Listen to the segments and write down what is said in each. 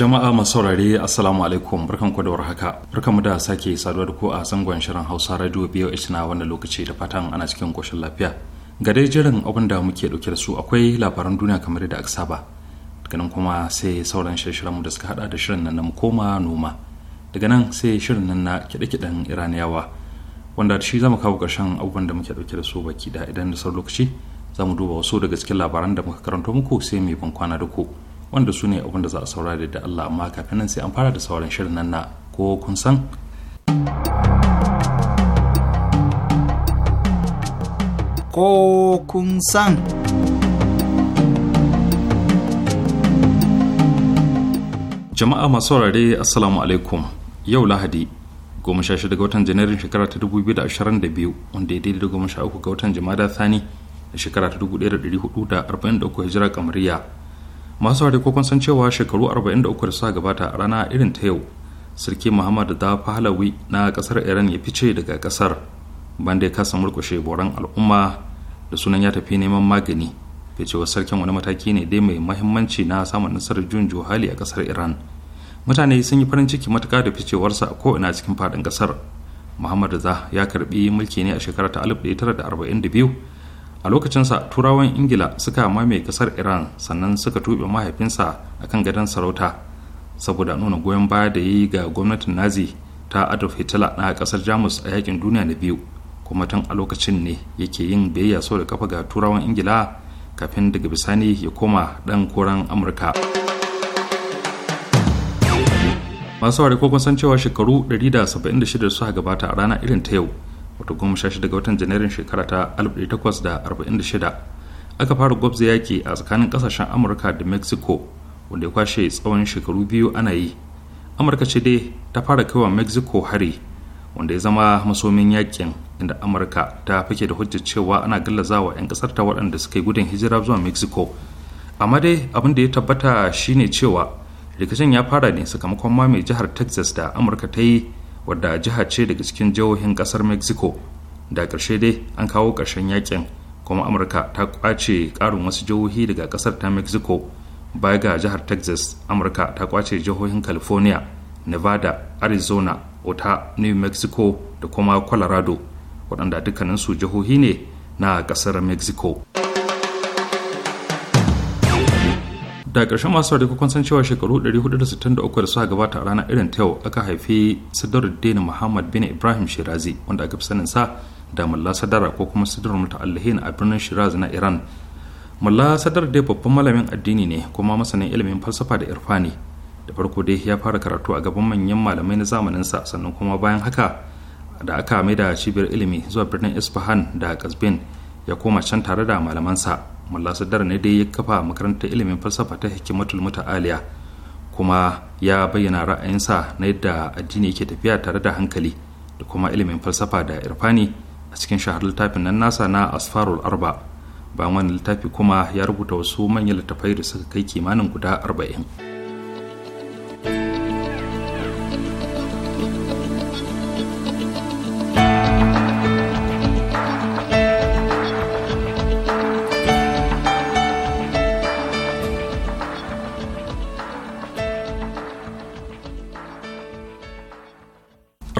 jama'a masu saurare assalamu alaikum barkanku da warhaka mu da sake saduwa da ku a zangon shirin hausa radio boh na wannan lokaci da fatan ana cikin koshin lafiya ga dai jiran abin da muke dauke da su akwai labaran duniya kamar da aka saba daga nan kuma sai sauran shirin mu da suka hada da shirin nan na koma noma daga nan sai shirin nan na kiɗe-kiɗen iraniyawa wanda shi zamu kawo ƙarshen abubuwan da muke dauke da su baki da idan da sauran lokaci za mu duba wasu daga cikin labaran da muka karanto muku sai mai ban kwana da ku wanda su ne abin da za a saurari da Allah amma kafin nan sai an fara da sauran shirin nan na ko kun san ko kun san jama'a masu saurare assalamu alaikum yau lahadi goma sha shida ga watan janairun shekara ta 2022 wanda ya daidai da goma sha uku ga watan jama'a thani da shekara ta 1443 hijira kamariya masu ware kokon san cewa shekaru 43 da suka gabata a rana irin ta yau sarki muhammad da fahalawi na kasar iran ya fice daga kasar banda ya kasa murkushe boran al'umma da sunan ya tafi neman magani ficewar sarkin wani mataki ne dai mai mahimmanci na samun nasarar jun hali a kasar iran mutane sun yi farin ciki matuka da ficewarsa a ko'ina cikin fadin kasar muhammad za ya karbi mulki ne a shekara ta 1942 a lokacinsa turawan ingila suka mame kasar iran sannan suka tuɓe mahaifinsa a kan gadon sarauta saboda nuna goyon baya da yi ga gwamnatin nazi ta adolf hitler na kasar jamus a yakin duniya na biyu kuma tun a lokacin ne yake yin biyayya sau da kafa ga turawan ingila kafin daga bisani ya koma dan koran amurka masu ko kun cewa shekaru 176 su gabata a rana irin ta yau wato goma sha shida ga watan janairun shekara ta 1846 aka fara gwabza yaki a tsakanin ƙasashen amurka da mexico wanda ya kwashe tsawon shekaru biyu ana yi amurka ce dai ta fara kaiwa mexico hari wanda ya zama masomin yakin inda amurka ta fake da hujjar cewa ana gallazawa 'yan kasar ta waɗanda suka yi gudun hijira zuwa mexico amma dai abin da ya tabbata shine cewa rikicin ya fara ne sakamakon mai jihar texas da amurka ta yi wadda jiha ce daga cikin jihohin kasar mexico da ƙarshe dai an kawo ƙarshen yakin kuma amurka ta kwace ƙarin wasu jihohi daga ƙasar ta mexico baya ga jihar texas amurka ta kwace jihohin california nevada arizona utah new mexico da kuma colorado waɗanda dukkaninsu jihohi ne na ƙasar mexico da ƙarshen masu sauri kun san cewa shekaru 463 da suka gabata a ranar irin ta yau aka haifi sadaruddin muhammad bin ibrahim shirazi wanda aka fi sanin sa da mulla sadara ko kuma sadar muta'allihin a birnin shiraz na iran mulla sadar dai babban malamin addini ne kuma masanin ilimin falsafa da irfani da farko dai ya fara karatu a gaban manyan malamai na zamaninsa sannan kuma bayan haka da aka mai da cibiyar ilimi zuwa birnin isfahan da kasbin ya koma can tare da malamansa mulla sadar ne dai ya kafa makarantar ilimin falsafa ta hikimatul muta'aliya kuma ya bayyana ra'ayinsa na yadda addini yake tafiya tare da hankali da kuma ilimin falsafa da irfani a cikin shahar littafin nan nasa na asfarul arba bayan wani littafi kuma ya rubuta wasu manyan littafai da suka kai kimanin guda arba'in.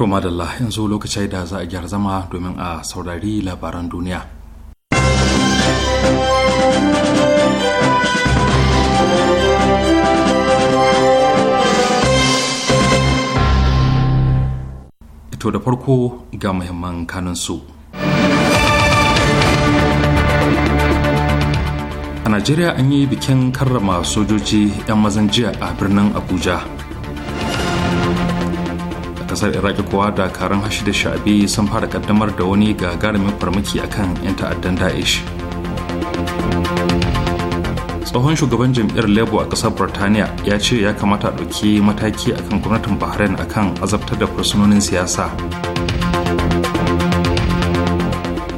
To madalla yanzu lokacin da za a gyara zama domin a saurari labaran duniya. Ito da farko ga muhimman kanunsu. A Najeriya an yi bikin karrama sojoji 'yan mazan jiya a birnin Abuja. kasar iraq kuwa dakarun hashi da sha'abi sun fara kaddamar da wani gagarumin farmaki akan 'yan ta'addan daesh tsohon shugaban jam'iyyar labour a kasar burtaniya ya ce ya kamata a ɗauki mataki akan gwamnatin bahrain akan azabtar da fursunonin siyasa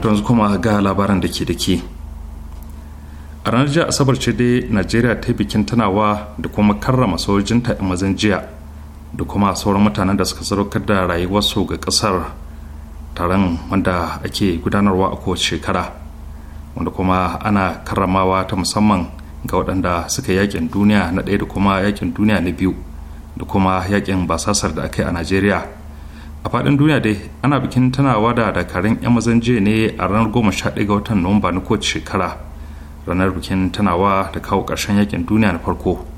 yanzu kuma ga labaran da ke da a ranar jiya asabar ce dai najeriya ta bikin tanawa da kuma karrama sojojinta a mazan jiya da kuma sauran mutanen da suka sadaukar da rayuwarsu ga kasar taron wanda ake gudanarwa a kowace shekara wanda kuma ana karramawa ta musamman ga waɗanda suka yakin duniya na ɗaya da kuma yakin duniya na biyu da kuma yakin basasar da aka yi a najeriya a faɗin duniya dai ana bikin tunawa da dakarun 'yan mazan jiya ne a ranar goma sha ɗaya ga watan nuwamba na kowace shekara ranar bikin tunawa da kawo ƙarshen yakin duniya na farko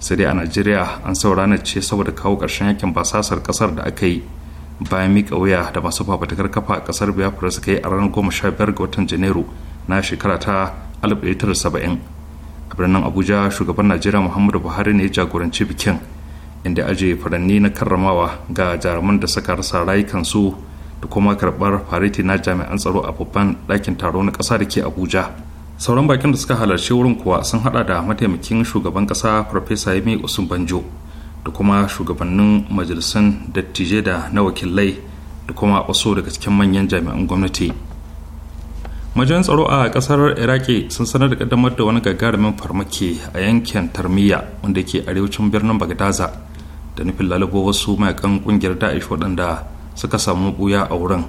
sai dai a najeriya an saura ranar ce saboda kawo karshen yakin basasar ƙasar da aka yi bayan mika wuya da masu fafatakar kafa a ƙasar biafra suka yi a ranar goma sha biyar ga watan janairu na shekara ta 1970 a birnin abuja shugaban najeriya muhammadu buhari ne ya jagoranci bikin inda aje furanni na karramawa ga jaruman da suka rasa rayukansu da kuma karɓar fariti na jami'an tsaro a babban ɗakin taro na ƙasa da ke abuja sauran bakin da suka halarci wurin kuwa sun hada da mataimakin shugaban kasa farfesa yemi usman banjo da kuma shugabannin majalisun dattijai da na wakilai da kuma wasu daga cikin manyan jami'an gwamnati majiyan tsaro a kasar iraki sun sanar da kaddamar da wani gagarumin farmaki a yankin tarmiya wanda ke arewacin birnin bagdaza da nufin lalubo wasu mayakan kungiyar da'ish waɗanda suka samu buya a wurin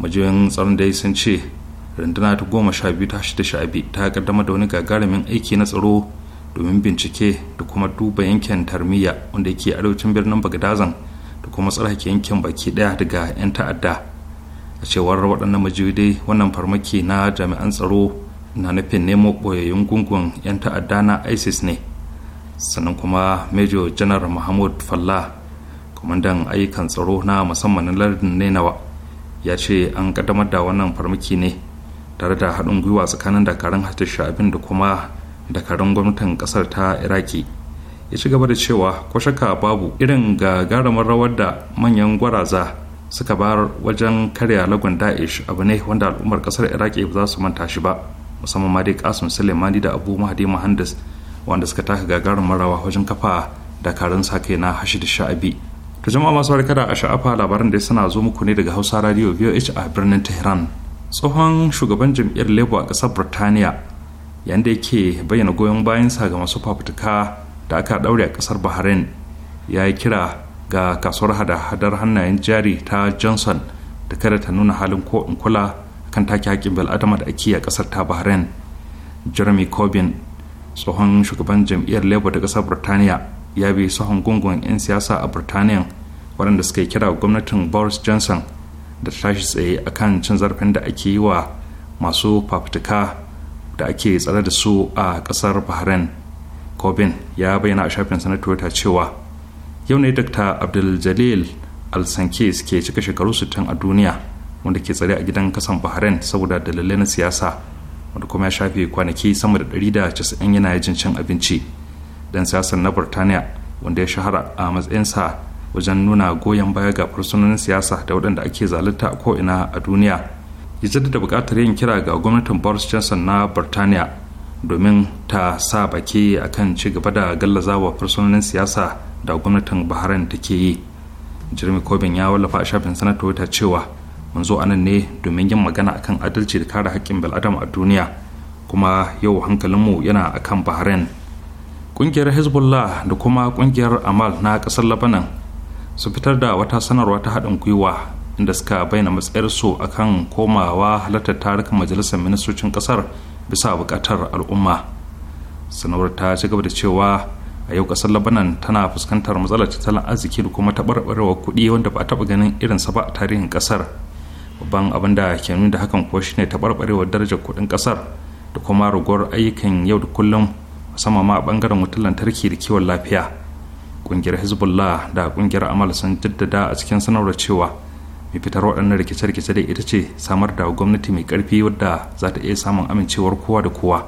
majiyoyin tsaron dai sun ce rundunar ta goma sha biyu ta shida biyu ta kaddamar da wani gagarumin aiki na tsaro domin bincike da kuma duba yankin tarmiya wanda yake arewacin birnin bagdazan da kuma tsarki yankin baki daya daga 'yan ta'adda a cewar waɗannan majiyoyi wannan farmaki na jami'an tsaro na nufin nemo ɓoyayyun gungun 'yan ta'adda na isis ne sannan kuma major janar mahmud falla kwamandan ayyukan tsaro na musamman na lardin nenawa ya ce an kaddamar da wannan farmaki ne tare da haɗin gwiwa tsakanin dakarun hatar sha'abin da kuma dakarun gwamnatin ƙasar ta iraki ya ci gaba da cewa ko shakka babu irin garamar rawar da manyan gwaraza suka bar wajen karya lagun da'ish abu ne wanda al'ummar ƙasar iraki ba za su manta shi ba musamman ma dai kasum suleimani da abu mahdi muhandis wanda suka taka gagarumin rawa wajen kafa dakarun sa kai na da sha'abi to jama'a masu barka da a sha'afa labaran da suna zo muku ne daga hausa radio voh a birnin tehran tsohon shugaban jam'iyyar labour a ƙasar birtaniya yadda yake bayyana goyon bayansa ga masu fafutuka da aka daure a ƙasar bahrain ya yi kira ga kasuwar hada-hadar hannayen jari ta johnson da kada ta nuna halin ko in kula kan take haƙƙin bil'adama da ake a ƙasar ta bahrain jeremy corbyn tsohon shugaban jam'iyyar labour da ƙasar birtaniya ya bi sahun gungun 'yan siyasa a birtaniya waɗanda suka yi kira gwamnatin boris johnson da ta tashi tsaye akan cin zarafin da ake yi wa masu fafutuka da ake tsare da su a kasar bahrain kobin ya bayyana a shafin na twitter cewa yau ne dr abdul-jalil al-sankis ke cika shekaru 60 a duniya wanda ke tsare a gidan kasan bahrain saboda dalilai na siyasa wanda kuma ya shafe kwanaki sama da ɗari da 190 yana yajin cin abinci dan siyasar na burtaniya wanda ya shahara a matsayinsa wajen nuna goyon baya ga fursunonin siyasa da waɗanda ake zalunta a ko'ina a duniya ya jaddada buƙatar yin kira ga gwamnatin boris johnson na birtaniya domin ta sa baki a kan ci gaba da gallazawa fursunonin siyasa da gwamnatin bahrain ta ke yi jeremy corbyn ya wallafa a shafin sanar twitter cewa mun zo anan ne domin yin magana akan adalci da kare haƙƙin bil'adam a duniya kuma yau hankalinmu yana akan bahrain ƙungiyar hezbollah da kuma ƙungiyar amal na ƙasar labanan su fitar da wata sanarwa ta haɗin gwiwa inda suka bayyana matsayarsu akan komawa halartar tarukan majalisar ministocin ƙasar bisa buƙatar al'umma sanarwar ta ci gaba da cewa a yau ƙasar labanan tana fuskantar matsalar tattalin arziki da kuma taɓarɓarewar kuɗi wanda ba a taɓa ganin irinsa ba a tarihin ƙasar babban abin da ke nuna da hakan kuwa shine taɓarɓarewar darajar kuɗin ƙasar da kuma ragowar ayyukan yau da kullum musamman ma a ɓangaren wutar lantarki da kiwon lafiya kungiyar hezbollah da kungiyar amal sun jaddada a cikin sanarwar cewa mai fitar waɗannan rikice-rikice da ita ce samar da gwamnati mai ƙarfi wadda za ta iya samun amincewar kowa da kowa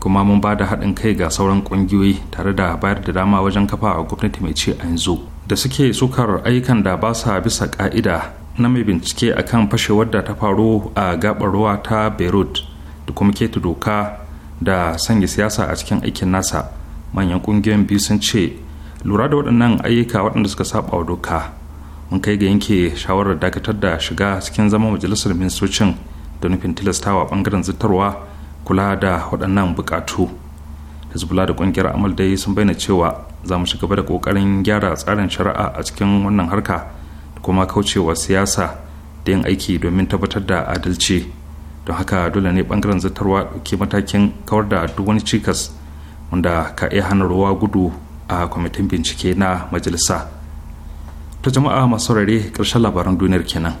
kuma mun ba da haɗin kai ga sauran ƙungiyoyi tare da bayar da dama wajen kafa a gwamnati mai ce a yanzu da suke sukar ayyukan da ba sa bisa ƙa'ida na mai bincike a kan fashewar da ta faru a gaɓar ruwa ta beirut da kuma keta doka da sanya siyasa a cikin aikin nasa manyan ƙungiyoyin biyu sun ce lura da waɗannan ayyuka waɗanda suka saba wa doka mun kai ga yanke shawarar dakatar da shiga cikin zama majalisar ministocin da nufin tilastawa bangaren zitarwa kula da waɗannan bukatu hezbollah da ƙungiyar amal dai sun bayyana cewa za mu shiga da ƙoƙarin gyara tsarin shari'a a cikin wannan harka da kuma kaucewa siyasa da yin aiki domin tabbatar da adalci don haka dole ne bangaren zartarwa ɗauki matakin kawar da duk wani cikas wanda ka iya hana ruwa gudu a kwamitin bincike na majalisa ta jama'a masu rare ƙarshen labaran duniyar kenan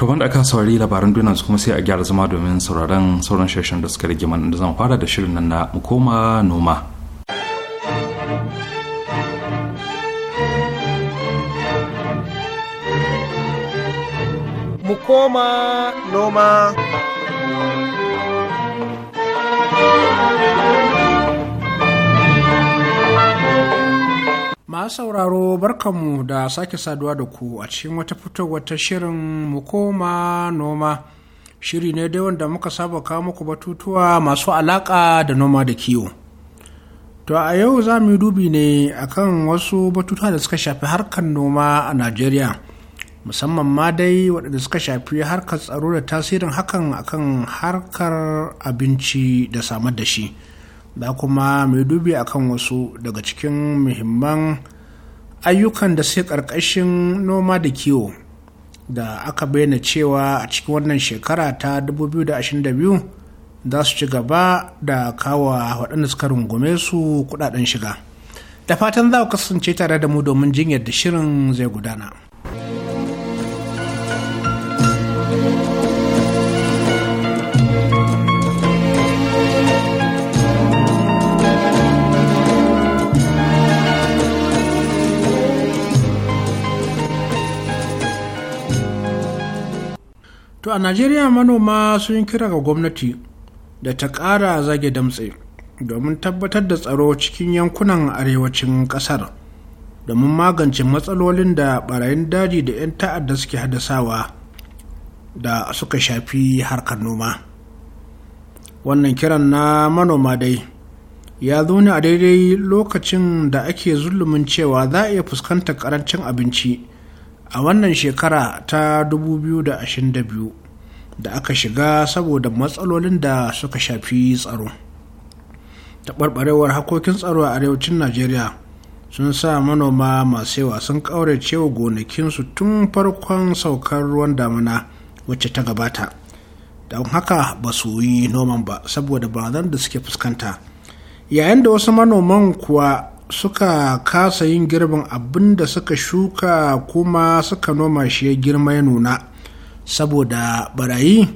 to wanda aka saurari labaran duniyar kuma sai a gyara zama domin sauraron sauran shirin da suka rage da zan fara da shirin nan na koma noma noma noma masu sauraro barkanmu da sake saduwa da ku a cikin wata fitowar ta shirin mu koma noma shiri ne dai wanda muka saba kawo muku batutuwa masu alaƙa da noma da kiwo to a yau za mu yi dubi ne akan wasu batutuwa da suka shafi harkar noma a najeriya musamman ma dai waɗanda suka shafi harkar tsaro da tasirin hakan akan harkar abinci da samar da shi da kuma mai dubi akan wasu daga cikin muhimman ayyukan da sai ƙarƙashin noma da kiwo da aka bayyana cewa a cikin wannan shekara ta 2022 za su ci gaba da kawo waɗanda suka rungume su kuɗaɗen shiga da fatan za ku kasance tare da mu domin jinyar da shirin zai gudana. a najeriya manoma sun kira ga gwamnati da ta ƙara zage damtse domin tabbatar da tsaro cikin yankunan arewacin ƙasar domin magance matsalolin da ɓarayin daji da 'yan ta'adda suke haddasawa da suka shafi harkar noma wannan kiran na manoma dai ya zo ne a daidai lokacin da ake zulumin cewa za a iya fuskantar karancin abinci a wannan shekara ta 2022 da aka shiga saboda matsalolin da suka shafi tsaro taɓarɓarewar hakokin tsaro a arewacin najeriya sun sa manoma masu yawa sun ƙaurace wa gonakinsu tun farkon saukar ruwan damina wacce ta gabata don haka ba su yi noman ba saboda barazan da suke fuskanta yayin da wasu manoman kuwa suka kasa yin girbin abin da suka shuka kuma suka noma shi ya girma ya nuna saboda barayi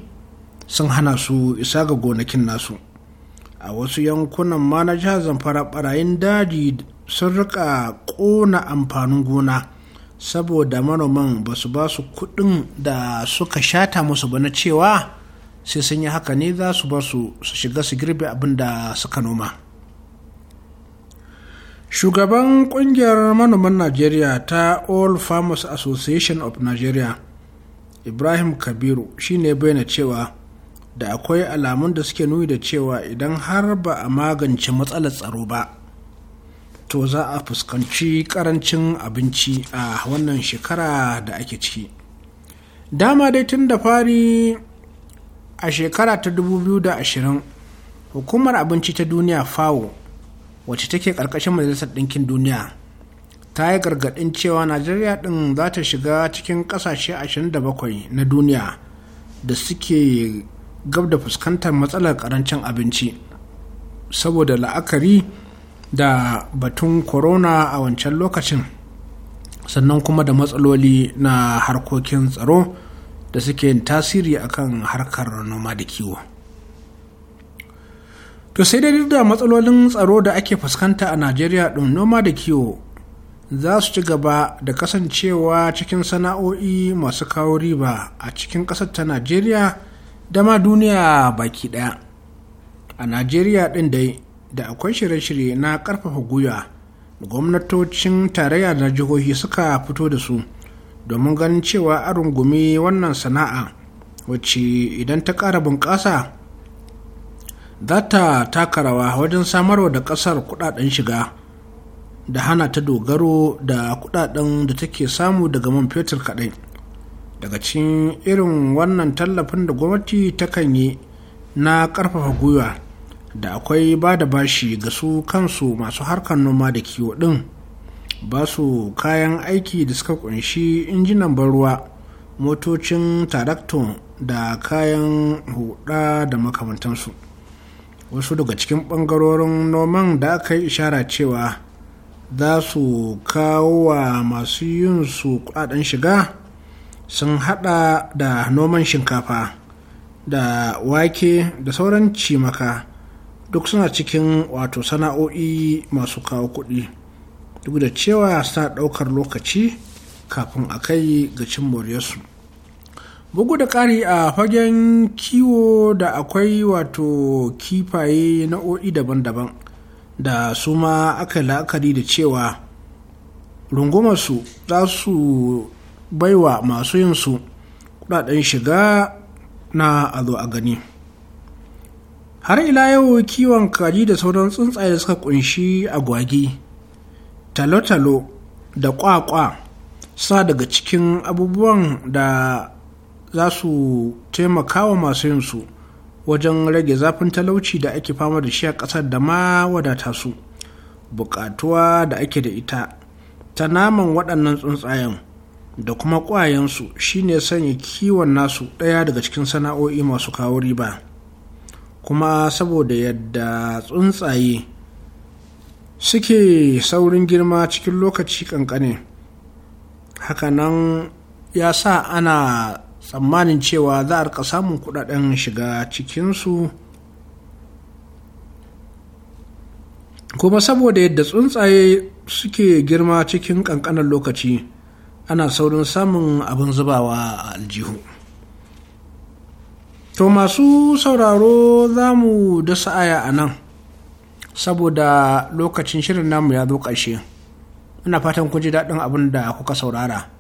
sun hana su isa ga gonakin nasu a wasu yankunan ma na jihar zamfara barayin daji sun rika kona amfanin gona saboda manoman ba su ba su kudin da suka shata musu ba na cewa sai sun yi haka ne za su ba su su shiga su girbe abin da suka noma shugaban kungiyar manoman najeriya ta all farmers association of nigeria ibrahim kabiru shine bayyana cewa da akwai alamun da suke nuni da cewa idan har ba a magance matsalar tsaro ba to za a fuskanci karancin abinci a wannan shekara da ake ciki dama dai tun da fari a shekara ta 2020 hukumar abinci ta duniya fawo wacce take ƙarƙashin majalisar ɗinkin duniya ta yi gargaɗin cewa najeriya ɗin za ta shiga cikin ƙasashe 27 na duniya da suke gab da fuskantar matsalar ƙarancin abinci saboda la'akari da batun corona a wancan lokacin sannan kuma da matsaloli na harkokin tsaro da suke tasiri akan harkar noma da kiwo. To sai dai da matsalolin tsaro da ake fuskanta a Najeriya ɗin noma da kiwo za su ci gaba da kasancewa cikin sana'o'i masu kawo riba a cikin ƙasar ta najeriya da ma duniya baki ɗaya a najeriya ɗin dai da akwai shirye-shirye na ƙarfafa gwiwa gwamnatocin tarayya da jihohi suka fito da su domin ganin cewa a rungumi wannan sana'a wacce idan ta ƙara bunƙasa za ta taka rawa wajen samarwa da ƙasar kuɗaɗen shiga da hana ta dogaro da kudaden da take samu daga man fetur kadai daga cikin irin wannan tallafin da gwamnati ta kan yi na karfafa gwiwa da akwai ba da bashi ga su kansu masu harkar noma da kiwo din ba su kayan aiki da suka kunshi injinan ban ruwa motocin tarakto da kayan huda da makamantansu wasu daga cikin bangarorin noman da aka yi ishara cewa za su kawo wa masu yin su kudaden shiga sun hada da noman shinkafa da wake da sauran cimaka duk suna cikin wato sana'o'i masu kawo kuɗi duk da cewa suna ɗaukar lokaci kafin a kai ga cin moriyarsu bugu da ƙari a fagen kiwo da akwai wato kifaye na'o'i daban-daban da su ma aka la'akari da cewa rungumarsu za su baiwa masu yinsu kudaden shiga na a a gani har ila yau kiwon kaji da sauran tsuntsaye da suka kunshi agwagi talo-talo da kwakwa suna daga cikin abubuwan da za su taimaka wa masu yinsu wajen rage zafin talauci da ake fama da shi a ƙasar da ma wadata su buƙatuwa da ake da ita ta naman waɗannan tsuntsayen da kuma ƙwayensu shine sanya kiwon nasu ɗaya daga cikin sana'o'i masu kawo riba kuma saboda yadda tsuntsaye suke saurin girma cikin lokaci ƙanƙane hakanan ya sa ana tsammanin cewa za a rika samun kudaden shiga cikinsu kuma saboda yadda tsuntsaye suke girma cikin kankanin lokaci ana saurin samun abin zubawa a aljihu to masu sauraro za mu da sa'aya a nan saboda lokacin shirin namu ya zo ƙarshe ina fatan kun ji daɗin abin da kuka saurara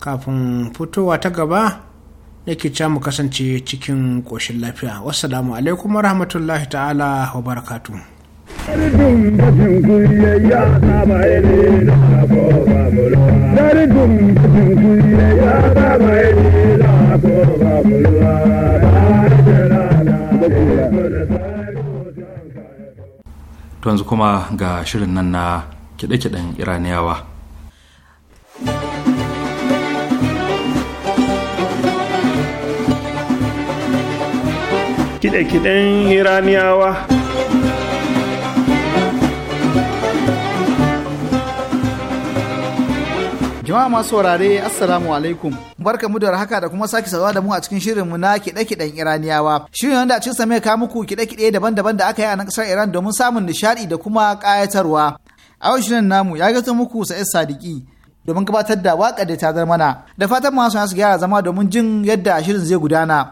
kafin fitowa ta gaba yake ca mu kasance cikin ƙoshin lafiya wassalamu alaikum rahmatullahi ta'ala wa barakatu To kuma ga shirin nan na kiɗe-kiɗen Iraniyawa. kide-kiden iraniyawa jama'a masu wurare assalamu alaikum barka mu da haka da kuma sake sauwa da mu a cikin shirinmu na kiɗe-kiɗen iraniyawa shirin wanda a cikin sa mai ka muku kiɗe-kiɗe daban-daban da aka yi a nan ƙasar iran domin samun nishaɗi da kuma ƙayatarwa a yau shirin namu ya gato muku sa'id sadiki domin gabatar da waƙar da ta mana da fatan masu su gyara zama domin jin yadda shirin zai gudana.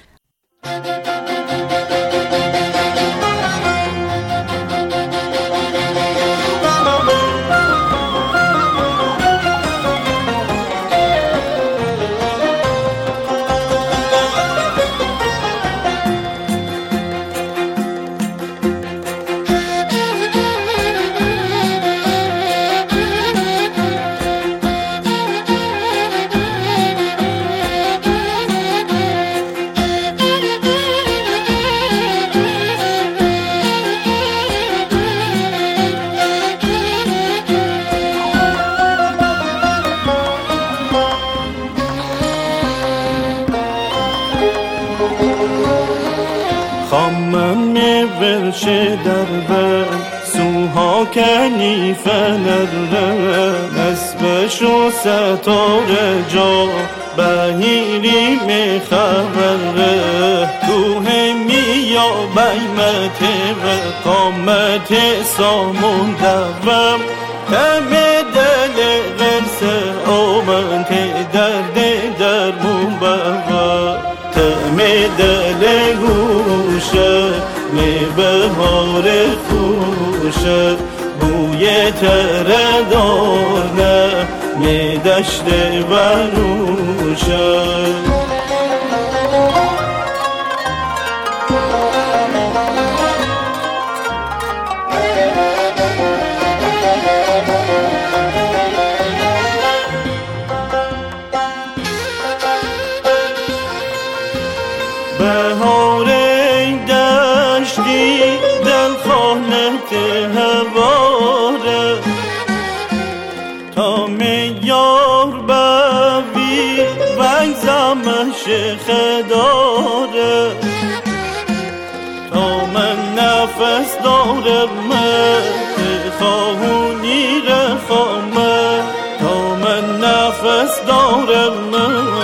تیغ قامت سامون دوم دم دل غرس آمن درد درمون بغا تم دل گوشه می بهار خوشه بوی تردانه می دشت بروشه داره تا من نفس دارم من خواهونی رخامه تا من نفس دارم من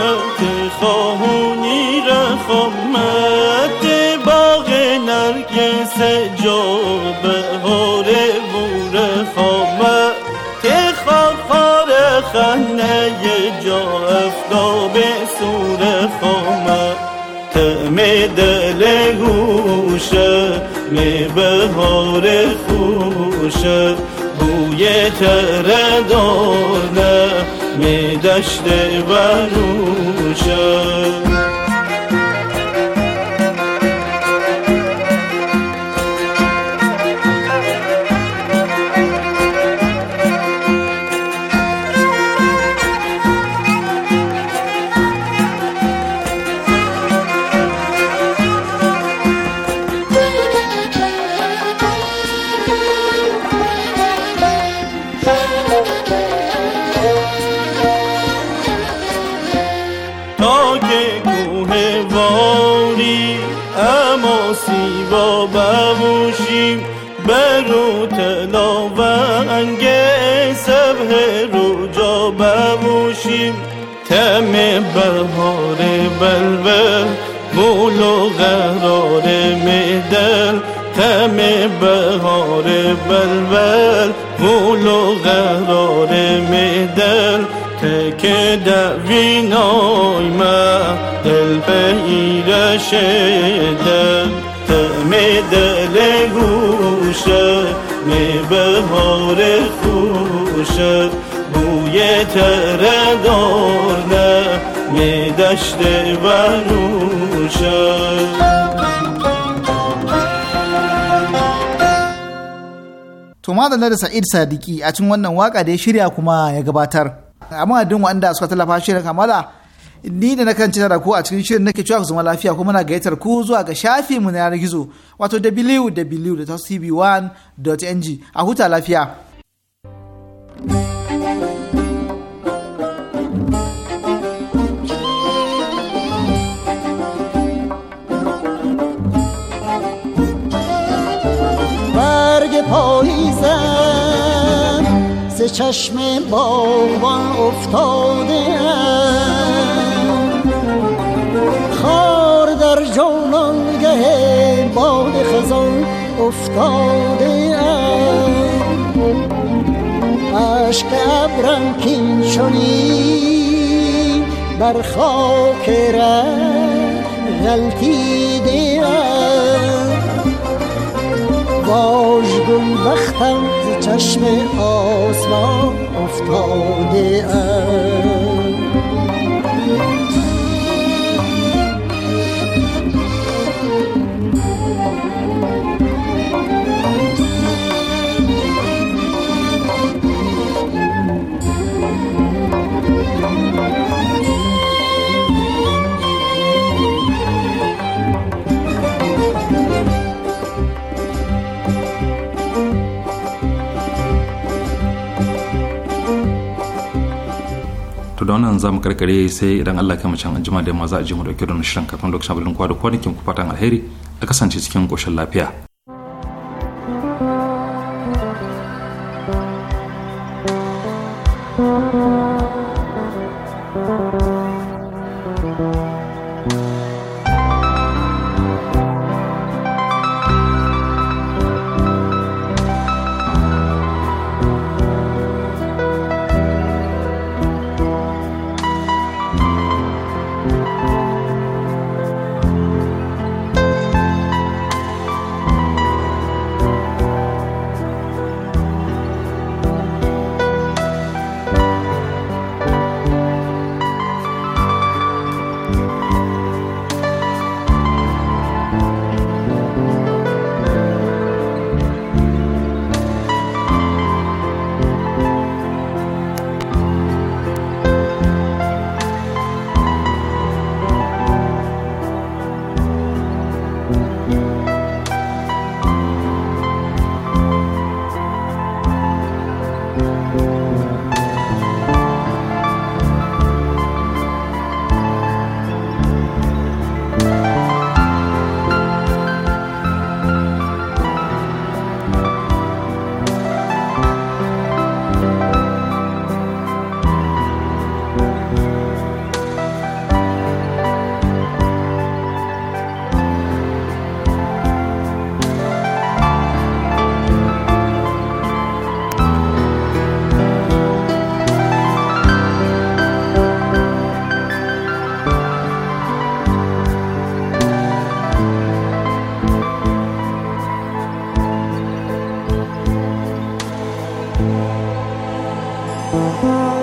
دل گوشه می بهار خوشه بوی تره دانه می دشت بروشه خوشت بوی نه می دشت To madalla da Sa'id Sadiki a cikin wannan waka da ya shirya kuma ya gabatar. Amma waɗanda wanda suka tallafa shirin kamala ni da nakan ci da ku a cikin shirin nake cewa ku zama lafiya kuma na gayyatar ku zuwa ga shafi mu na yanar gizo wato www.tv1.ng a huta lafiya. برگ پاییزم سه چشم باغبان افتاده خار در گه باد خزان افتاده اشک ابرم کین بر خاک ره غلطیده باش گل بختم چشم آسمان افتاده ام to da wannan zamu karkare sai idan Allah kai mace anjima da yamma za a je mu dauke da shirin kafin lokacin abin kwa da kwanakin ku fatan alheri a kasance cikin koshin lafiya Música